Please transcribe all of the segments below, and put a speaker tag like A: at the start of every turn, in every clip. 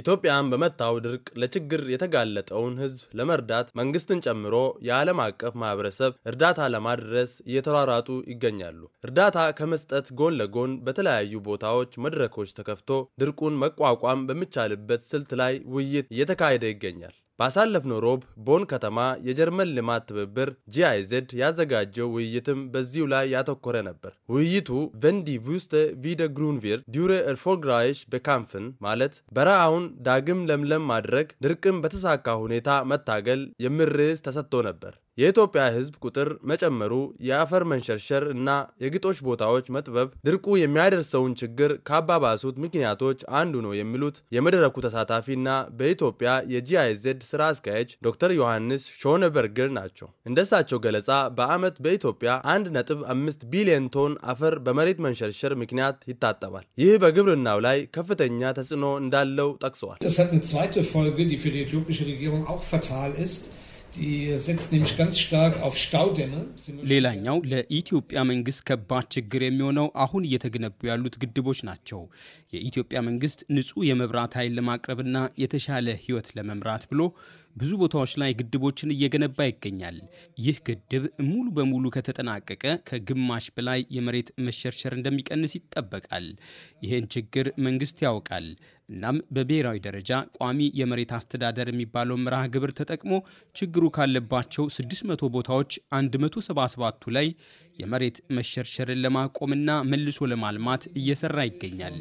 A: ኢትዮጵያን በመታው ድርቅ ለችግር የተጋለጠውን ሕዝብ ለመርዳት መንግስትን ጨምሮ የዓለም አቀፍ ማህበረሰብ እርዳታ ለማድረስ እየተሯሯጡ ይገኛሉ። እርዳታ ከመስጠት ጎን ለጎን በተለያዩ ቦታዎች መድረኮች ተከፍቶ ድርቁን መቋቋም በሚቻልበት ስልት ላይ ውይይት እየተካሄደ ይገኛል። ባሳለፍነው ሮብ ቦን ከተማ የጀርመን ልማት ትብብር ጂአይዜድ ያዘጋጀው ውይይትም በዚሁ ላይ ያተኮረ ነበር። ውይይቱ ቨንዲ ቡስተ ቪደ ግሩንቪር ዲሬ እርፎርግራይሽ በካምፍን ማለት በረሃውን ዳግም ለምለም ማድረግ፣ ድርቅም በተሳካ ሁኔታ መታገል የሚል ርዕስ ተሰጥቶ ነበር። የኢትዮጵያ ሕዝብ ቁጥር መጨመሩ፣ የአፈር መንሸርሸር እና የግጦሽ ቦታዎች መጥበብ ድርቁ የሚያደርሰውን ችግር ካባባሱት ምክንያቶች አንዱ ነው የሚሉት የመድረኩ ተሳታፊ እና በኢትዮጵያ የጂአይዜድ ስራ አስኪያጅ ዶክተር ዮሐንስ ሾነበርግር ናቸው። እንደሳቸው ገለጻ በዓመት በኢትዮጵያ 1.5 ቢሊዮን ቶን አፈር በመሬት መንሸርሸር ምክንያት ይታጠባል። ይህ በግብርናው ላይ ከፍተኛ ተጽዕኖ እንዳለው ጠቅሰዋል።
B: ሌላኛው ለኢትዮጵያ መንግስት ከባድ ችግር የሚሆነው አሁን እየተገነቡ ያሉት ግድቦች ናቸው። የኢትዮጵያ መንግስት ንጹህ የመብራት ኃይል ለማቅረብና የተሻለ ህይወት ለመምራት ብሎ ብዙ ቦታዎች ላይ ግድቦችን እየገነባ ይገኛል። ይህ ግድብ ሙሉ በሙሉ ከተጠናቀቀ ከግማሽ በላይ የመሬት መሸርሸር እንደሚቀንስ ይጠበቃል። ይህን ችግር መንግስት ያውቃል። እናም በብሔራዊ ደረጃ ቋሚ የመሬት አስተዳደር የሚባለው መርሃ ግብር ተጠቅሞ ችግሩ ካለባቸው 600 ቦታዎች 177ቱ ላይ የመሬት መሸርሸርን ለማቆምና መልሶ ለማልማት እየሰራ ይገኛል።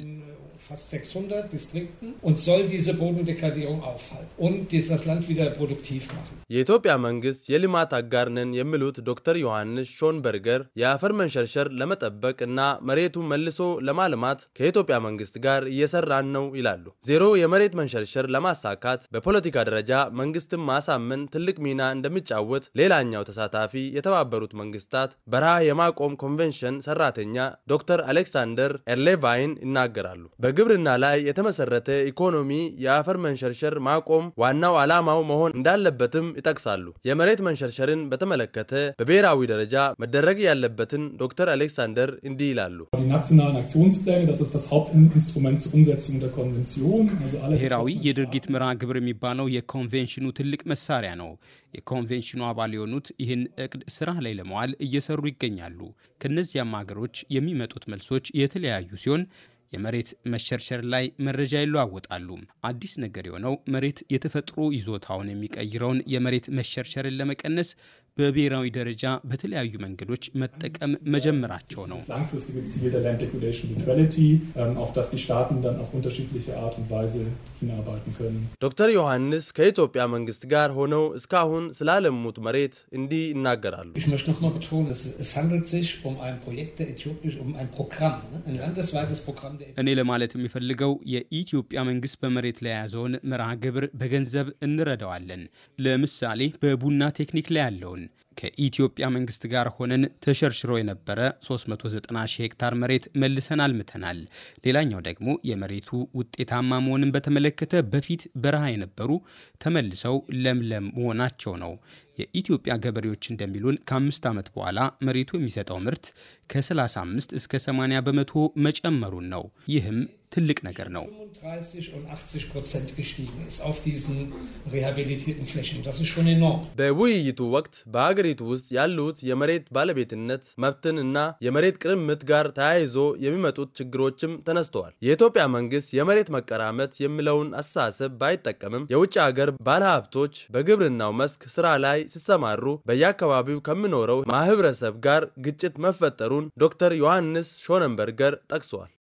B: fast 600 Distrikten und soll diese Bodendegradierung aufhalten und dieses Land wieder produktiv machen.
A: የኢትዮጵያ መንግስት የልማት አጋር ነን የሚሉት ዶክተር ዮሐንስ ሾንበርገር የአፈር መንሸርሸር ለመጠበቅ እና መሬቱን መልሶ ለማልማት ከኢትዮጵያ መንግስት ጋር እየሰራን ነው ይላሉ። ዜሮ የመሬት መንሸርሸር ለማሳካት በፖለቲካ ደረጃ መንግስትን ማሳመን ትልቅ ሚና እንደሚጫወት ሌላኛው ተሳታፊ የተባበሩት መንግስታት በረሃ የማቆም ኮንቬንሽን ሰራተኛ ዶክተር አሌክሳንደር ኤርሌቫይን ይናገራሉ። በግብርና ላይ የተመሰረተ ኢኮኖሚ የአፈር መንሸርሸር ማቆም ዋናው ዓላማው መሆን እንዳለበትም ይጠቅሳሉ። የመሬት መንሸርሸርን በተመለከተ በብሔራዊ ደረጃ መደረግ ያለበትን ዶክተር አሌክሳንደር እንዲህ ይላሉ።
B: ብሔራዊ የድርጊት መርሃ ግብር የሚባለው የኮንቬንሽኑ ትልቅ መሳሪያ ነው። የኮንቬንሽኑ አባል የሆኑት ይህን እቅድ ስራ ላይ ለመዋል እየሰሩ ይገኛሉ። ከእነዚያም ሀገሮች የሚመጡት መልሶች የተለያዩ ሲሆን የመሬት መሸርሸር ላይ መረጃ ይለዋወጣሉ። አዲስ ነገር የሆነው መሬት የተፈጥሮ ይዞታውን የሚቀይረውን የመሬት መሸርሸርን ለመቀነስ በብሔራዊ ደረጃ በተለያዩ መንገዶች መጠቀም መጀመራቸው ነው።
A: ዶክተር ዮሐንስ ከኢትዮጵያ መንግስት ጋር ሆነው እስካሁን ስላለሙት መሬት እንዲህ ይናገራሉ።
B: እኔ ለማለት የሚፈልገው የኢትዮጵያ መንግስት በመሬት ላይ የያዘውን መርሃ ግብር በገንዘብ እንረዳዋለን። ለምሳሌ በቡና ቴክኒክ ላይ ያለውን own ከኢትዮጵያ መንግስት ጋር ሆነን ተሸርሽሮ የነበረ 390 ሺህ ሄክታር መሬት መልሰን አልምተናል። ሌላኛው ደግሞ የመሬቱ ውጤታማ መሆንን በተመለከተ በፊት በረሃ የነበሩ ተመልሰው ለምለም መሆናቸው ነው። የኢትዮጵያ ገበሬዎች እንደሚሉን ከአምስት ዓመት በኋላ መሬቱ የሚሰጠው ምርት ከ35 እስከ 80 በመቶ መጨመሩን ነው። ይህም ትልቅ ነገር ነው።
A: በውይይቱ ወቅት በሀገ በሀገሪቱ ውስጥ ያሉት የመሬት ባለቤትነት መብትን እና የመሬት ቅርምት ጋር ተያይዞ የሚመጡት ችግሮችም ተነስተዋል። የኢትዮጵያ መንግስት የመሬት መቀራመት የሚለውን አስተሳሰብ ባይጠቀምም የውጭ ሀገር ባለሀብቶች በግብርናው መስክ ስራ ላይ ሲሰማሩ በየአካባቢው ከሚኖረው ማህበረሰብ ጋር ግጭት መፈጠሩን ዶክተር ዮሐንስ ሾነንበርገር ጠቅሷል።